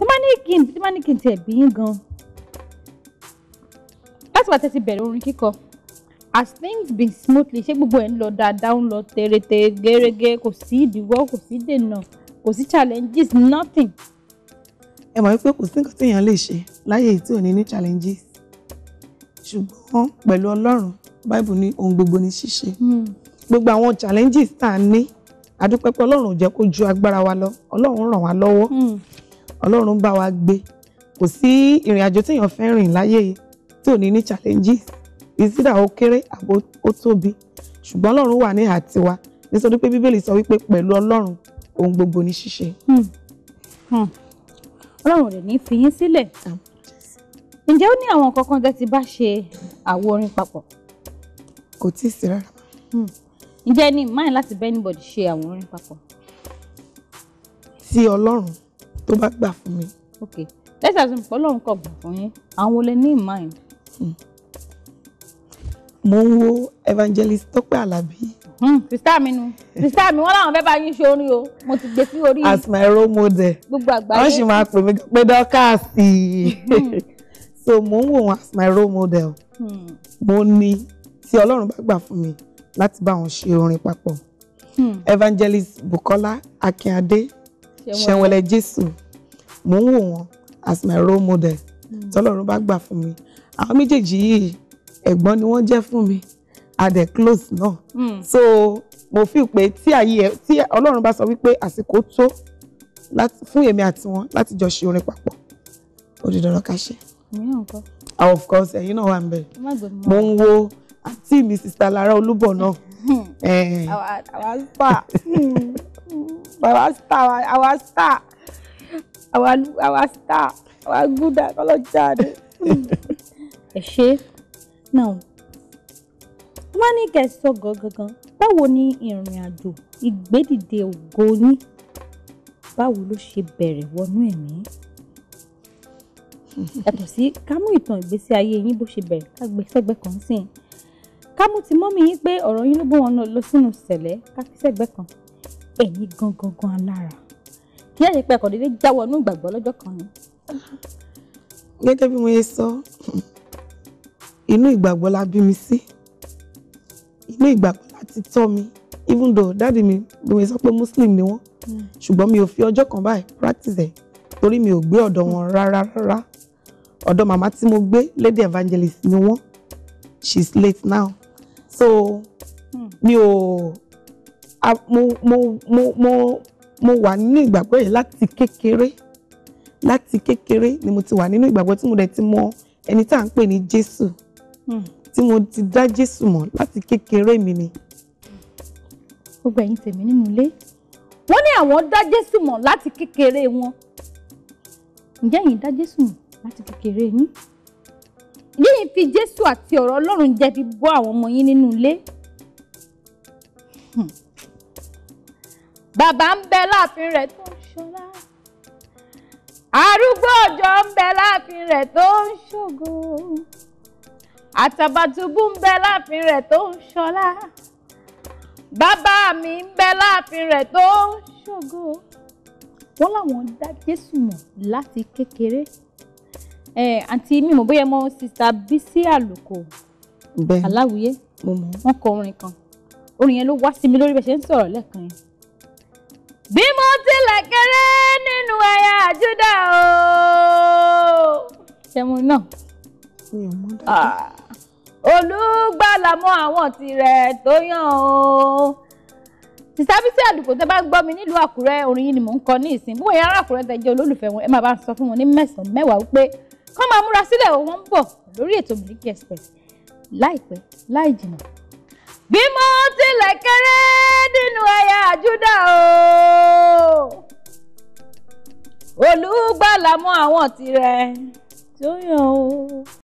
tí má ní kí n tí má ní kí n tiẹ̀ bí yín gan láti wá tẹ́tí bẹ̀rẹ̀ orin kíkọ as things been smoothly ṣé gbogbo ẹ̀ ń lọ dáadáa ń lọ tèrètè gẹ́rẹ́gẹ́ kò sí ìdíwọ́ kò sí dènà kò sí challenges nothing. ẹ mọ̀ wípé kò sí nǹkan téèyàn lè ṣe láyé tí ò ní ní challenges ṣùgbọ́n pẹ̀lú ọlọ́run báìbù ní ohun gbogbo ní ṣíṣe hmm. gbogbo àwọn challenges tá a ní adúpẹ́ pé ọlọ́run ò jẹ́ kó ju agbára wa lọ ọlọ́run ràn wá lọ́wọ́ hmm ọlọ́run bá wa gbé kò sí ìrìn àjò téèyàn fẹ́ rìn láyé tí ò ní ní challenges ìsídà ó kéré àbó ó tóbi ṣùgbọ́n ọlọ́run wà ní àtiwá nítorí pé bíbélì sọ wípé pẹ̀lú ọlọ́run ohun gbogbo ní ṣíṣe. Hmm. Hmm. ọlọ́run rẹ̀ ní fi yín sílẹ̀ ǹjẹ́ ó ní àwọn nǹkan kan tẹ́ ti bá ṣe àwo orin papọ̀. kò tí ì sí rárá. Hmm. ǹjẹ́ ní mind láti bá anybody ṣe àwọn orin papọ̀. ti ọlọ́run tó bá gbà fún mi. ok let's assume pé ọlọ́run kọ̀ gbà fún yín àwọn olè ní mind. Hmm. mo ń wo evangelist Tọ́pẹ́ Àlàbí. Hmm, sista mi nu sista mi wọn làwọn fẹ́ bá yín ṣe orin o mo ti gbé sí orí. as my role model gbogbo àgbáyé wọn sì máa pè mí pé dọ́kàsì hmm. so mo ń wò wọn as my role model mo ní tí ọlọ́run bá gbà fún mi láti bá wọn ṣe orin papọ̀ evangelist Bukola Akínadé ṣẹ̀wọ̀lẹ̀ jésù mò ń wò wọ́n as my role model hmm. tọ́lọ́run bá gbà fún mi àwọn méjèèjì yìí ẹ̀gbọ́n ni wọ́n jẹ́ fún mi adẹ̀ close náà hmm. so mo fi pé tí ayé tí ọlọ́run bá sọ wípé àsìkò tó fún èmi àti wọn láti jọ ṣe orin papọ̀ ó ká ṣe. of course ẹ̀yin náà wà ń bẹ̀ mo ń wo àǹtí mi sista Lara Olúbọ̀ náà. àwa àwa pa. àwa star àwa star àwa àwa star àwa gúdà kọlọ́jà ni. ẹ ṣe náà wọ́n ní kẹsọ gangan báwo ni ìrìn àjò ìgbédìde ògo yín báwo ló ṣe bẹ̀rẹ̀ wọnú ẹ̀mí yàtọ̀ sí ká mú ìtàn ìgbésí ayé yín bó ṣe bẹ̀rẹ̀ ká gbé sẹ́gbẹ́ kan sí i ká mú ti mọ́mí yín pé ọ̀rọ̀ yín ló bó wọn lọ sínú sẹ̀lẹ̀ ká sẹ́gbẹ́ kan ẹ̀yin gangan gan alára kí ẹ̀yin pẹ́ kọ̀dédé jáwọ́ inú ìgbàgbọ́ lọ́jọ́ kan ni. gẹ́gẹ́ bí mo ṣe sọ inú ìgbàgbọ́ la bí mi sí inú ìgbàgbọ́ la ti tọ́ mi even though dáàdi mi bí mo ṣe sọ pé muslim ni wọ́n hmm. ṣùgbọ́n mi ò fi ọjọ́ kan báyìí practice ẹ̀ torí mi ò gbé ọ̀dọ̀ wọn rárá rárá ọ̀dọ̀ màmá tí mo gbé lady evangelist ni wọ́n she's late now so hmm. mi ò mo mo mo mo mo wà nínú ìgbàgbọ́ yìí láti kékeré láti kékeré ni mo ti wà nínú ìgbàgbọ́ tí mo dẹ̀ ti mọ ẹni tá à ń pè ní Jésù hmm. tí mo ti dá Jésù mọ̀ láti kékeré mi ni. gbogbo ẹ̀yin tèmi nínú ilé wọ́n ní àwọn dá Jésù mọ̀ láti kékeré wọn ǹjẹ́ ẹ̀yin dá Jésù mọ̀ láti kékeré yín yíyìn fi Jésù àti ọ̀rọ̀ Ọlọ́run jẹ bọ́ àwọn ọmọ yín nínú ilé. Hmm bàbá ń bẹ láàfin rẹ̀ tó ń ṣọlá arúgbó òjò ń bẹ láàfin rẹ̀ tó ń ṣògo àtàbàtúbú ń bẹ láàfin rẹ̀ tó ń ṣọlá bàbá mi ń bẹ láàfin rẹ̀ tó ń ṣògo wọ́n láwọn dá Jésù mọ̀ láti kékeré àǹtí mi mọ̀ bóyá mọ sista Bísí Àlùkò Aláwìyé wọ́n kọ orin kan orin yẹn ló wá sí mi lórí bẹ́ẹ̀ ṣe ń sọ̀rọ̀ lẹ́ẹ̀kan yẹn bí mo tilẹ̀ kéré nínú ẹ̀yà Júdà o. ṣẹ́mu náà. mi ah. ò mọ̀ dáadáa. Ah. olùgbàlà mọ àwọn tirẹ̀ tó yàn o. sísá Bísí Àdùkò tẹ bá gbọ́ mi nílùú Àkúrẹ́ orin yìí ni mò ń kọ ní ìsìn bí wọ́n yẹn ará Àkúrẹ́ tẹ jẹ́ olólùfẹ́ wọn ẹ máa bá sọ fún wọn ní mẹ́sàn-án mẹ́wàá wípé kọ́ máa múra sílẹ̀ wọ́n ń bọ̀ lórí ètò Miliki Express láìpẹ́ láì jìnnà. bí mo tilẹ̀ kéré nínú ẹ̀ olùgbàlà mọ àwọn tirẹ̀ tó yàn ó